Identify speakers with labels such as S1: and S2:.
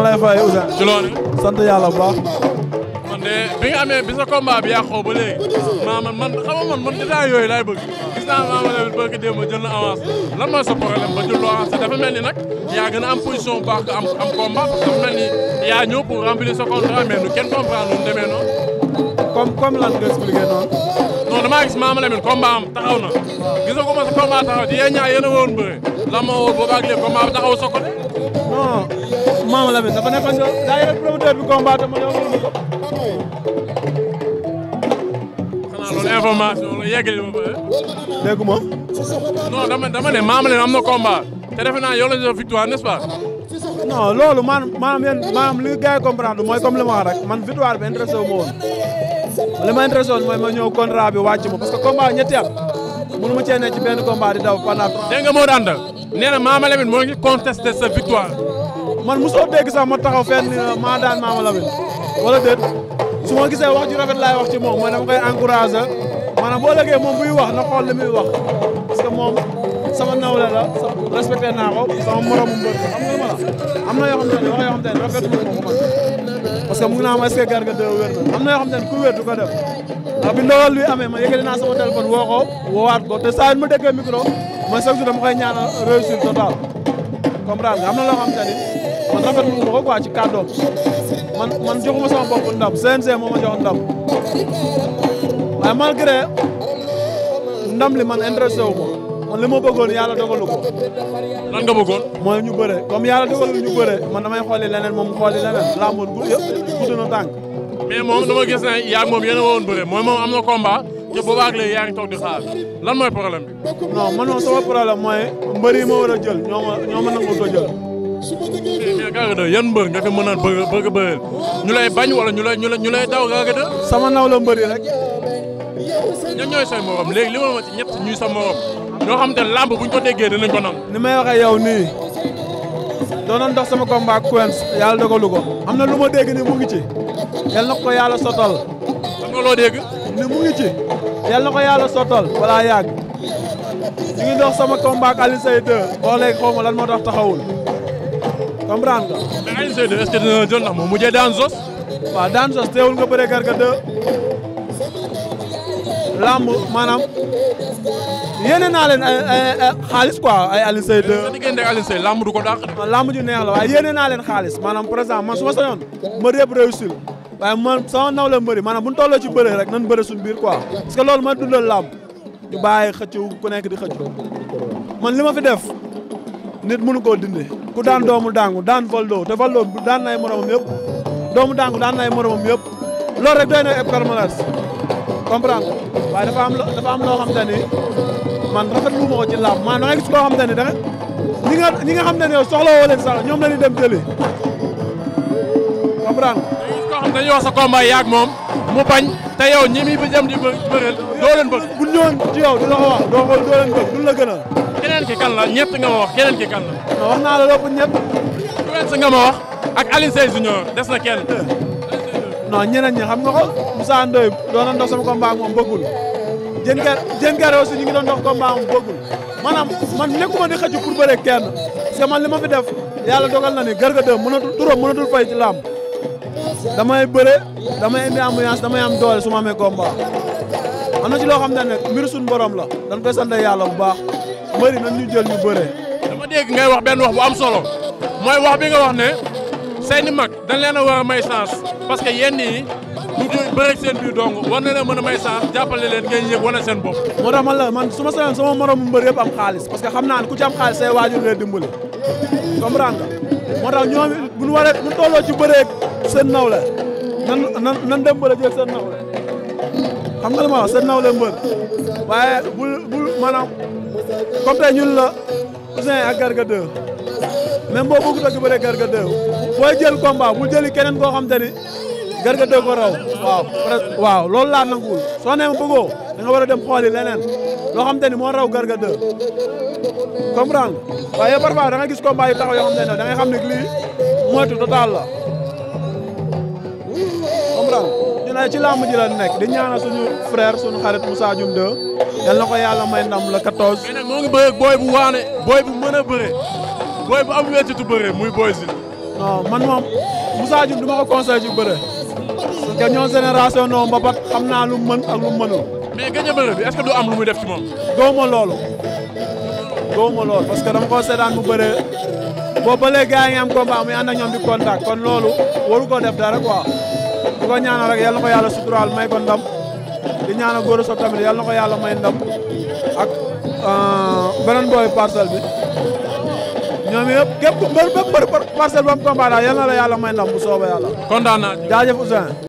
S1: lay fay Ousseyn sant yàlla bu baax
S2: kon de bi nga amee bi sa combat bi yàqoo ba léegi maa man man xam nga man man détail yooyu bëgg gis naa maa ma bëgg démb jël na avance lan mooy sa problème ba jël loo mel ni nag yaa gën a am position bu baax am am combat dafa mel ni yaa ñëw pour remplir sa contrat mais nu kenn comprendre nu mu demee noonu comme comme lan nga expliqué noonu ngaa gis Mama Lamine combat am taxaw na gis nga commencé combat taxaw ci yéen ñaar yéen a woon bëre lan moo woon boobaag léegi combat bi taxaw soog ko de. non Mama Lamine dafa nekk nga daa yore promoteur bi combat dama ne woon ko. xanaa loolu information la yeggali ma bëre. déggu ma. non dama dama ne Mama Lamine am na combat te defe naa yow la ñu victoire n'est-ce pas.
S1: non loolu maanaam maanaam yéen maanaam li gars yi comprendre mooy comme li ma wax rek man victoire bi intéressé wu ma woon. li ma intéressé woon ma ñëw contrat bi wàcc ma parce que combat ñetti at mënu ma cee ne ci benn combat di daw pendant.
S2: dégg nga moo daan dal nee na Mama Lamine moo ngi contesté sa victoire.
S1: man mosoo ma taxaw fenn euh, maa daan Mama Lamine wala déet su ma gisee wax ju rafet laay wax ci moom mooy dama koy encouragé maanaam boo lëggee moom buy wax na xool li muy wax parce que moom sama nawle la respecté naa ko sama moromu mbër xam parce que mu ngi naa am est-ce que Garga 2 am na yoo xam ku wér du ko def ndax bi ndawal luy amee ma yëkkati naa sama woo ko woowaat te saa yu ma déggee micro ma chaque jour dama koy ñaanal réussite totale comprendre na loo xam te ni man rafetlu ma ko quoi ci kàddoom man man joxuma sama bopp ndam CNG moo ma jox ndam waaye malgré ndam li man intéressé wu man li ma bëggoon yàlla dogalu ko. lan nga bëggoon. mooy ñu bëre comme yàlla dogalu ñu bëre man damay xooli leneen moom xooli leneen laamoon bu yëpp na tànk.
S2: mais moom dama gis ne yaa ngi moom yéen a woon bëre mooy moom am na combat te boobaa ak léegi yaa ngi toog di xaar lan mooy problème bi.
S1: non man moom sama problème mooy a jël ñoo ma ñoo ma nangu ko jël. mais yan
S2: mbër nga fi mën a bëgg bëgg bëreel ñu lay bañ wala ñu lay ñu lay ñu lay daw Garga 2. sama mbër yi ñoo xam te làmb buñ ko déggee dinañ ko nangu.
S1: ni may waxee yow nii doonoon dox sama combat ak Quench yàlla dogalu ko am na lu ma dégg ni mu ngi ci yal na ko yàlla sottal. am nga loo dégg. ni mu ngi ci yal na ko yàlla sottal balaa yàgg ñu ngi dox sama combat ak Alioune boo léegi xaw ma lan moo tax taxawul comprendre nga. mais Alioune Seye 2 est mu mujjee daan sos. waaw daan sos teewul nga bëree garga 2. làmb maanaam yéene naa leen ay eh, eh, eh, xaalis quoi ay Alioune Seye de. Alioune Seye làmb du ko dàq. làmb ju neex la waaye yéene naa leen xaalis maanaam par exemple man su ma sañoon mbër yëpp réussir waaye man sama naw la mbëri maanaam bu ñu ci bëre rek nan bëre suñu biir quoi parce que loolu ma dundal làmb ñu bàyyi xëccu ku nekk di xëccu man li ma fi def nit mënu koo dindi ku daan doomu daangu daan Valdo te Valdo daan nay moromam yëpp doomu daangu daan nay moromam yëpp loolu rek doy na épargne comprendre nga waaye dafa am dafa am loo xamante ne man rafetlu ma ko ci làmb man da ngay gis koo xamante ne da nga ñi nga nga xamante ne yow soxla woo leen sax ñoom la ñu dem jëlee
S2: comprendre nga. gis koo xam ne yow sa combat yaag moom mu bañ te yow ñi muy dem di bëreel doo leen bëgg. bu ñëwoon di la ko wax doo ko doo leen bëgg la gënal. keneen ki kan la ñett nga ma wax
S1: keneen ki kan la. non wax naa la lépp ñett. Kouentz nga ma wax ak
S2: Alioune Sèye Junior des na
S1: kenn. non ñeneen ñi xam nga ko Moussa Ndoye doon na dox sama combat ak moom bëggul jën gar jën gar aussi ñu ngi doon dox combat ak moom bëggul maanaam man nekkuma di xëcc pour bëre kenn parce que ma fi def yàlla dogal na ni Garga 2 mënatul turam mënatul fay ci làmb damay bëre damay indi ambiance damay am doole su ma amee combat am na ci loo xam ne nag mbir suñu borom la dañ koy sant yàlla bu baa mbëri nañ ñu jël ñu bëre.
S2: dama dégg ngay wax benn wax bu am solo mooy wax bi nga wax ne seeni mag dañ a war parce que yenn yi bu seen biir dong war na mën a may saa jàppale leen ngeen yëg wane seen bopp.
S1: moo tax man la man su ma seyoon sama moromu mbër yëpp am xaalis parce xam naa ne ku ci xaalis say waajur leen dimbali comprendre nga moo tax ñoom bu ñu waree bu seen nawle nan nan dem bëre jël seen nawle xam nga ma wax seen nawle mbër waaye bu bu maanaam comme tey ñun la Ouzin ak Garga 2 même boo bëgg a dëgg bëre Garga booy jël combat bul jëli keneen koo xam te ni Garga doo ko raw waaw waaw loolu laa nanguwul soo nee ma bëggoo da war a dem xooli leneen loo xam te ni moo raw Garga 2 comprendre nga waaye parfois da nga gis combat yu taxaw yoo xam te ne da ngay xam ne lii moytu total la comprendre ñu ne ci làmb ji la di ñaanal suñu frère suñu xarit Moussa Dioum 2 yal na ko yàlla may ndam la 14. mais ngi bëre booy bu waane booy bu mën a bëre booy bu am wétitu bëre muy non man moom Moussa Diouf du ma ko conseillé ci bëre parce que ñoom génération non xam naa lu mën ak lu mënul. mais bëre bi est du am lu muy def ci moom. góoma loolu góoma loolu parce que ko seetaan bu bëre boo ba léegi gars yi am combat muy ànd ak kon loolu waru ko def dara quoi di ko rek yal na ko yàlla suturaal may kon ndam di ñaanal góor soog tamit yal na ko yàlla may ndam ak euh, beneen booy parcelle bi. ñoom yëpp képp mbër bépp mbër parcelle bu am combat daal yal na la yàlla may ndam bu soobee yàlla kontaan naa jaajëf Ousseyn